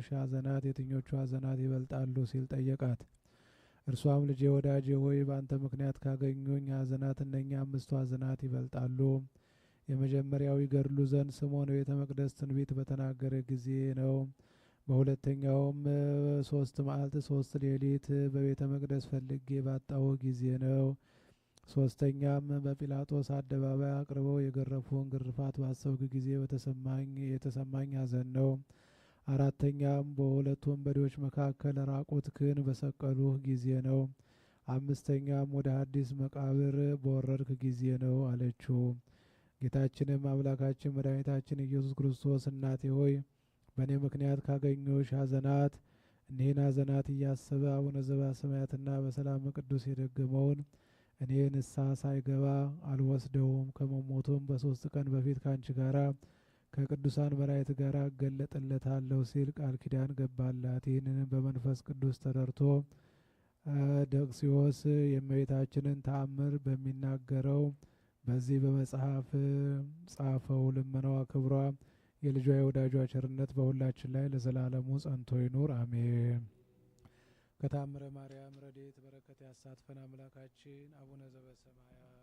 ከሚሉሽ ሐዘናት የትኞቹ ሐዘናት ይበልጣሉ ሲል ጠየቃት። እርሷም ልጄ ወዳጄ ሆይ በአንተ ምክንያት ካገኙኝ ሐዘናት እነኛ አምስቱ ሐዘናት ይበልጣሉ። የመጀመሪያው ይገድሉ ዘንድ ስምዖን ቤተ መቅደስ ትንቢት በተናገረ ጊዜ ነው። በሁለተኛውም ሶስት መዓልት ሶስት ሌሊት በቤተ መቅደስ ፈልጌ ባጣሁ ጊዜ ነው። ሶስተኛም በጲላጦስ አደባባይ አቅርበው የገረፉን ግርፋት ባሰብኩ ጊዜ በተሰማኝ የተሰማኝ ሐዘን ነው። አራተኛም በሁለት ወንበዴዎች መካከል ራቁትክን በሰቀሉህ ጊዜ ነው። አምስተኛም ወደ አዲስ መቃብር በወረድክ ጊዜ ነው አለችው። ጌታችንም አምላካችን መድኃኒታችን ኢየሱስ ክርስቶስ እናቴ ሆይ በእኔ ምክንያት ካገኘሽ ሐዘናት እኒህን ሐዘናት እያሰበ አቡነ ሰማያትና በሰላም ቅዱስ የደገመውን እኔ ንስሐ ሳይገባ አልወስደውም ከመሞቱም በሶስት ቀን በፊት ካንቺ ጋራ ከቅዱሳን መላእክት ጋር እገለጥለታለሁ ሲል ቃል ኪዳን ገባላት። ይህንንም በመንፈስ ቅዱስ ተደርቶ ደቅሲዎስ የእመቤታችንን ተአምር በሚናገረው በዚህ በመጽሐፍ ጻፈው። ልመናዋ ክብሯ፣ የልጇ የወዳጇ ቸርነት በሁላችን ላይ ለዘላለሙ ጸንቶ ይኑር አሜን። ከታምረ ማርያም ረድኤት በረከት ያሳትፈን አምላካችን አቡነ ዘበሰማያት